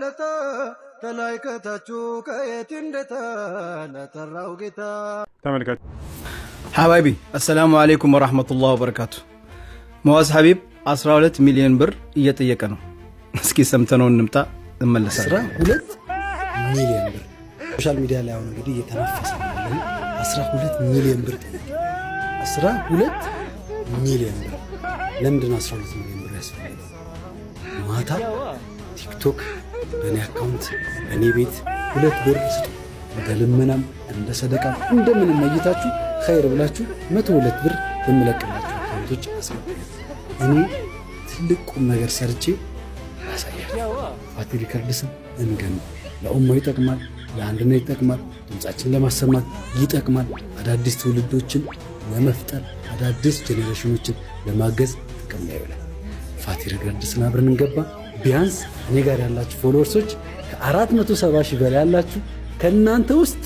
ለታ ተላይ ከታችሁ ከየት እንደተ ለጠራው ጌታ ተመልካች ሐባይቢ አሰላሙ አለይኩም ወራህመቱላህ ወበረካቱ። መዋዝ ሐቢብ 12 ሚሊዮን ብር እየጠየቀ ነው። እስኪ ሰምተነው እንምጣ። እመለሳለሁ። 12 ሚሊዮን ብር ሶሻል ሚዲያ ላይ አሁን እንግዲህ እየተናፈሰ 12 ሚሊዮን ብር ጠየቀ። 12 ሚሊዮን ብር ለምንድን 12 ሚሊዮን ብር ያስፈልጋል? ማታ ቲክቶክ በእኔ አካውንት በእኔ ቤት ሁለት ብር ስጡ፣ እንደ ልመናም እንደ ሰደቃም እንደምንም መይታችሁ ኸይር ብላችሁ መቶ ሁለት ብር የምለቅላችሁ አካውንቶች አስገቡ። እኔ ትልቅ ቁም ነገር ሰርቼ አሳያችሁ። ፋቲ ሪከርድስን እንገንባ። ለኡማ ይጠቅማል፣ ለአንድነት ይጠቅማል፣ ድምፃችን ለማሰማት ይጠቅማል፣ አዳዲስ ትውልዶችን ለመፍጠር አዳዲስ ጄኔሬሽኖችን ለማገዝ ጥቅም ላይ ይውላል። ፋቲ ሪከርድስን አብረን እንገባ። ቢያንስ እኔ ጋር ያላችሁ ፎሎወርሶች ከአራት መቶ ሰባ ሺህ በላይ ያላችሁ ከእናንተ ውስጥ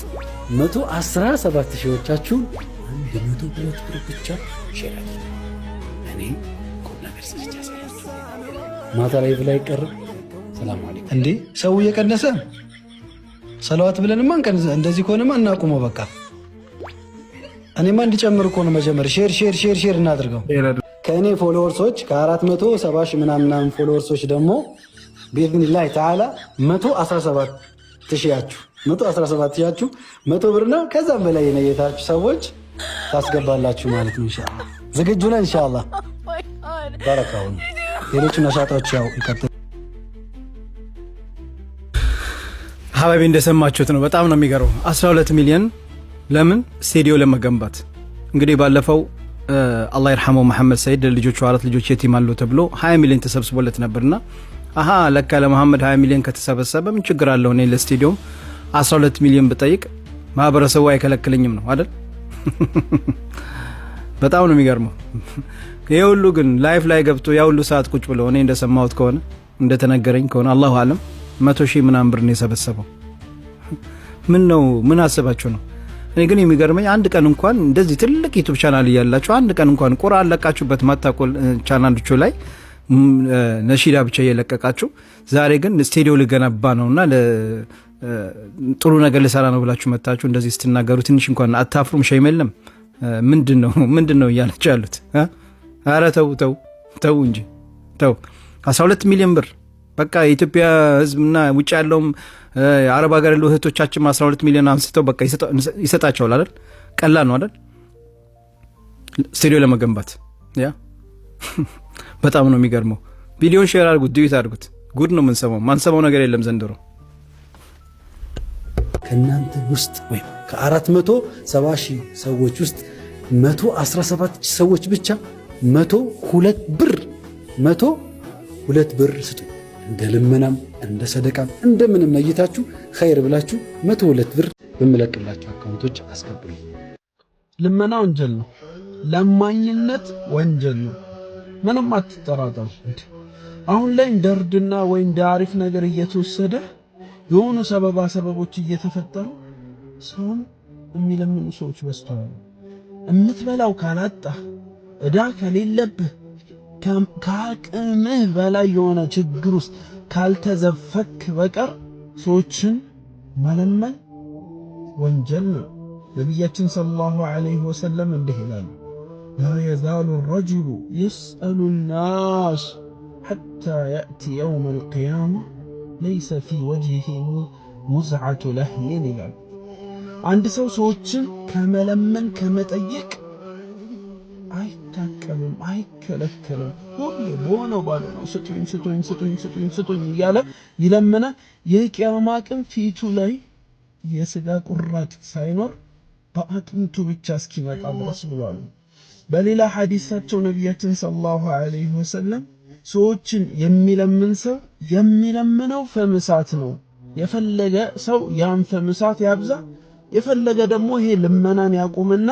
መቶ አስራ ሰባት ሺዎቻችሁን አንድ መቶ ሁለት ብር ብቻ ሼር እኔ ቁም ነገር ስልቻ ማታ ላይ ብላ አይቀርም። ሰላም አለይኩም። እንዴ ሰው እየቀነሰ ሰለዋት ብለንማ እንቀንዘ እንደዚህ ከሆነማ እናቁመው በቃ። እኔማ እንዲጨምር ከሆነ መጀመር ሼር ሼር ሼር ሼር እናድርገው። ከእኔ ፎሎወርሶች ከ470 ሺህ ምናምናም ፎሎወርሶች ደግሞ ቢኢዝኒላህ ተዓላ 117 ሺያችሁ 117 ሺያችሁ መቶ ብርና ከዛም በላይ የነየታችሁ ሰዎች ታስገባላችሁ ማለት ነው። እንሻላ ዝግጁ ነን። እንሻላ በረካውን ሌሎቹ ነሻጦች ያው ይቀጥ ሀባቢ እንደሰማችሁት ነው። በጣም ነው የሚገርመው 12 ሚሊዮን ለምን ስቴዲዮ ለመገንባት እንግዲህ ባለፈው አላህ ይርሐመው መሐመድ ሰይድ ለልጆቹ አራት ልጆች የቲም አለው ተብሎ 20 ሚሊዮን ተሰብስቦለት ነበርና አሀ ለካ ለመሐመድ 20 ሚሊዮን ከተሰበሰበ ምን ችግር አለው እኔ ለስቴዲየም 12 ሚሊዮን ብጠይቅ ማህበረሰቡ አይከለክልኝም ነው አይደል? በጣም ነው የሚገርመው። ይህ ሁሉ ግን ላይፍ ላይ ገብቶ ያ ሁሉ ሰዓት ቁጭ ብለው እኔ እንደሰማሁት ከሆነ እንደተነገረኝ ከሆነ አላሁ አለም መቶ ሺህ ምናምን ብር ነው የሰበሰበው። ምን ነው ምን አስባችሁ ነው እኔ ግን የሚገርመኝ አንድ ቀን እንኳን እንደዚህ ትልቅ ዩቱብ ቻናል እያላችሁ አንድ ቀን እንኳን ቁራ አለቃችሁበት ማታቆል ቻናሎቹ ላይ ነሺዳ ብቻ እየለቀቃችሁ ዛሬ ግን ስቴዲዮ ልገነባ ነውና ጥሩ ነገር ልሰራ ነው ብላችሁ መታችሁ እንደዚህ ስትናገሩ ትንሽ እንኳን አታፍሩም? ሸም የለም ምንድን ነው ምንድን ነው ያሉት። ተው ተው ተው እንጂ ተው። 12 ሚሊዮን ብር በቃ የኢትዮጵያ ሕዝብና ውጭ ያለውም አረብ ሀገር ያለው እህቶቻችን 12 ሚሊዮን አንስተው በቃ ይሰጣቸዋል አይደል? ቀላል ነው አይደል? ስቱዲዮ ለመገንባት ያ በጣም ነው የሚገርመው። ቢሊዮን ሼር አድርጉት፣ ድዩት አድርጉት። ጉድ ነው የምንሰማው። ማንሰማው ነገር የለም ዘንድሮ ከእናንተ ውስጥ ወይም ከአራት መቶ ሰባ ሺህ ሰዎች ውስጥ መቶ አስራ ሰባት ሰዎች ብቻ መቶ ሁለት ብር መቶ ሁለት ብር ስጡ። እንደ ልመናም እንደ ሰደቃም እንደምንም ነይታችሁ ኸይር ብላችሁ መቶ ሁለት ብር በምለቅላችሁ አካውንቶች አስገብሉ። ልመና ወንጀል ነው። ለማኝነት ወንጀል ነው። ምንም አትጠራጠሩ። አሁን ላይ እንደ እርድና ወይ እንደ አሪፍ ነገር እየተወሰደ የሆኑ ሰበባ ሰበቦች እየተፈጠሩ ሰውን የሚለምኑ ሰዎች በስተዋል። እምትበላው ካላጣ እዳ ከሌለብህ ከአቅምህ በላይ የሆነ ችግር ውስጥ ካልተዘፈክ በቀር ሰዎችን መለመን ወንጀል ነው። ነቢያችን ሰለላሁ ዐለይሂ ወሰለም እንዲህ ይላሉ፣ ላ የዛሉ ረጅሉ የስአሉ ናስ ሐታ ያእቲ የውም አልቅያማ ለይሰ ፊ ወጅሂ ሙዝዓቱ ለህይን ይላሉ። አንድ ሰው ሰዎችን ከመለመን ከመጠየቅ አይደከምም፣ አይከለከልም። ሁሉ በሆነው ባለ ነው ስጡኝ፣ ስጡኝ፣ ስጡኝ፣ ስጡኝ፣ ስጡኝ እያለ ይለምነ። የቂያማ ቀን ፊቱ ላይ የስጋ ቁራጭ ሳይኖር በአጥንቱ ብቻ እስኪመጣ ድረስ ብሏል። በሌላ ሐዲሳቸው ነቢያችን ሰለላሁ ዐለይሂ ወሰለም ሰዎችን የሚለምን ሰው የሚለምነው ፈምሳት ነው። የፈለገ ሰው ያን ፈምሳት ያብዛ፣ የፈለገ ደግሞ ይሄ ልመናን ያቁምና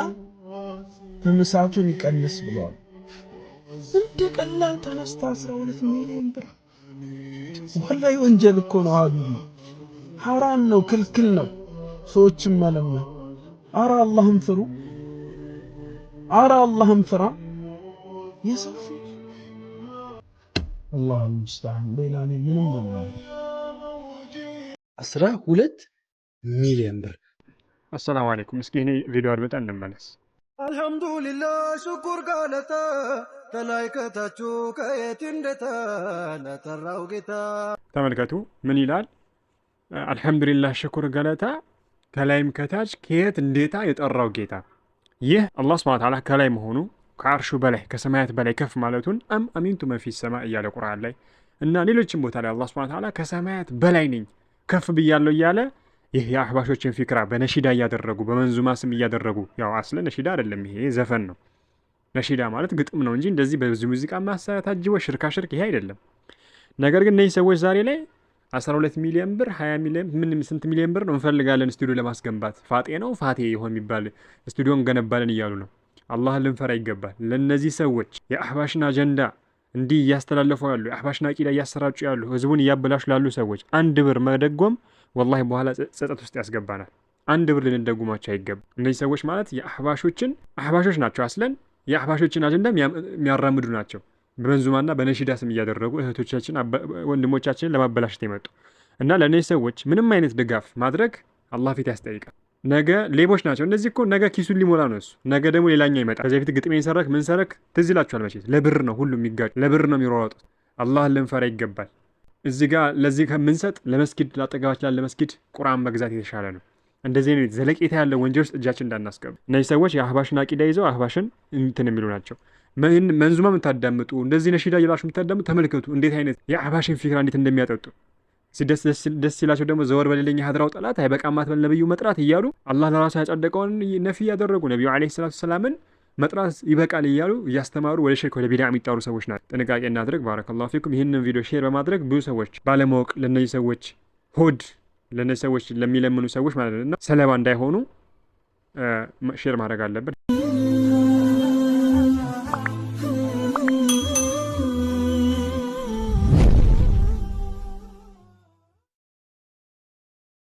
በመሳቱን ይቀንስ ብለዋል። እንደ ቀላል ተነስታ 12 ሚሊዮን ብር ወላይ ወንጀል እኮ ነው። አሉ ሐራም ነው፣ ክልክል ነው። ሰዎችም መለመ አረ አላህም ፍሩ፣ አረ አላህም ፍራ። የሰፉ አላህ ሙስተዓን ሌላ ነው ምንም ነው። አስራ ሁለት ሚሊዮን ብር። አሰላሙ አለይኩም። እስኪ እኔ ቪዲዮ አድበጣ እንመለስ አልሐምዱሊላ ሽኩር ጋለታ ተላይከታችሁ ከየት እንደታ ለጠራው ጌታ። ተመልከቱ ምን ይላል? አልሐምዱሊላህ ሽኩር ገለታ ከላይም ከታች ከየት እንዴታ የጠራው ጌታ። ይህ አላህ ሱብሓነሁ ወተዓላ ከላይ መሆኑ ከአርሹ በላይ ከሰማያት በላይ ከፍ ማለቱን አም አሚንቱ መፊ ሰማ እያለ ቁርአን ላይ እና ሌሎችም ቦታ ላይ አላህ ሱብሓነሁ ወተዓላ ከሰማያት በላይ ነኝ ከፍ ብያለሁ እያለ ይህ የአህባሾችን ፊክራ በነሺዳ እያደረጉ በመንዙማ ስም እያደረጉ ያው አስለ ነሺዳ አይደለም፣ ይሄ ዘፈን ነው። ነሺዳ ማለት ግጥም ነው እንጂ እንደዚህ በዚ ሙዚቃ ማሳያ ታጅቦ ሽርካ ሽርክ ይሄ አይደለም። ነገር ግን እነዚህ ሰዎች ዛሬ ላይ 12 ሚሊዮን ብር 20 ሚሊዮን ምን ስንት ሚሊዮን ብር ነው እንፈልጋለን ስቱዲዮ ለማስገንባት ፋጤ ነው ፋቴ ይሆን የሚባል ስቱዲዮ እንገነባለን እያሉ ነው። አላህን ልንፈራ ይገባል። ለእነዚህ ሰዎች የአህባሽን አጀንዳ እንዲህ እያስተላለፉ ያሉ የአህባሽን አቂዳ እያሰራጩ ያሉ ህዝቡን እያበላሹ ላሉ ሰዎች አንድ ብር መደጎም ወላሂ በኋላ ጸጸት ውስጥ ያስገባናል። አንድ ብር ልንደጉማቸው አይገባ። እነዚህ ሰዎች ማለት የአህባሾችን አህባሾች ናቸው። አስለን የአህባሾችን አጀንዳ የሚያራምዱ ናቸው። በመንዙማና በነሺዳ ስም እያደረጉ እህቶቻችን ወንድሞቻችንን ለማበላሸት የመጡ እና ለእነዚህ ሰዎች ምንም አይነት ድጋፍ ማድረግ አላህ ፊት ያስጠይቃል። ነገ ሌቦች ናቸው እነዚህ እኮ ነገ ኪሱን ሊሞላ ነው እሱ። ነገ ደግሞ ሌላኛው ይመጣል። ከዚ በፊት ግጥሜን ሰረክ ምን ሰረክ ትዝ ይላችኋል መቼ። ለብር ነው ሁሉም የሚጋጩ፣ ለብር ነው የሚሯሯጡት። አላህን ልንፈራ ይገባል። እዚህ ጋር ለዚህ ከምንሰጥ ለመስጊድ ለአጠገባችን ላለ መስጊድ ቁርአን መግዛት የተሻለ ነው። እንደዚህ ነው ዘለቄታ ያለ ወንጀል ውስጥ እጃችን እንዳናስገቡ። እነዚህ ሰዎች የአህባሽን አቂዳ ይዘው አህባሽን እንትን የሚሉ ናቸው። መንዙማ የምታዳምጡ እንደዚህ ነሺዳ እየላችሁ የምታዳምጡ ተመልከቱ፣ እንዴት አይነት የአህባሽን ፊክራ እንዴት እንደሚያጠጡ ደስ ሲላቸው ደግሞ ዘወር በሌለኛ ሀድራው ጠላት አይበቃማት በል ነብዩ መጥራት እያሉ አላህ ለራሱ ያጸደቀውን ነፊ ያደረጉ ነቢዩ ዓለይሂ ሰላቱ ሰላምን መጥራት ይበቃል እያሉ እያስተማሩ ወደ ሽርክ ወደ ቢዳ የሚጣሩ ሰዎች ናቸው። ጥንቃቄ እናድርግ። ባረከላሁ ፊኩም። ይህንን ቪዲዮ ሼር በማድረግ ብዙ ሰዎች ባለማወቅ ለእነዚህ ሰዎች ሆድ ለእነዚህ ሰዎች ለሚለምኑ ሰዎች ማለት ነው ሰለባ እንዳይሆኑ ሼር ማድረግ አለብን።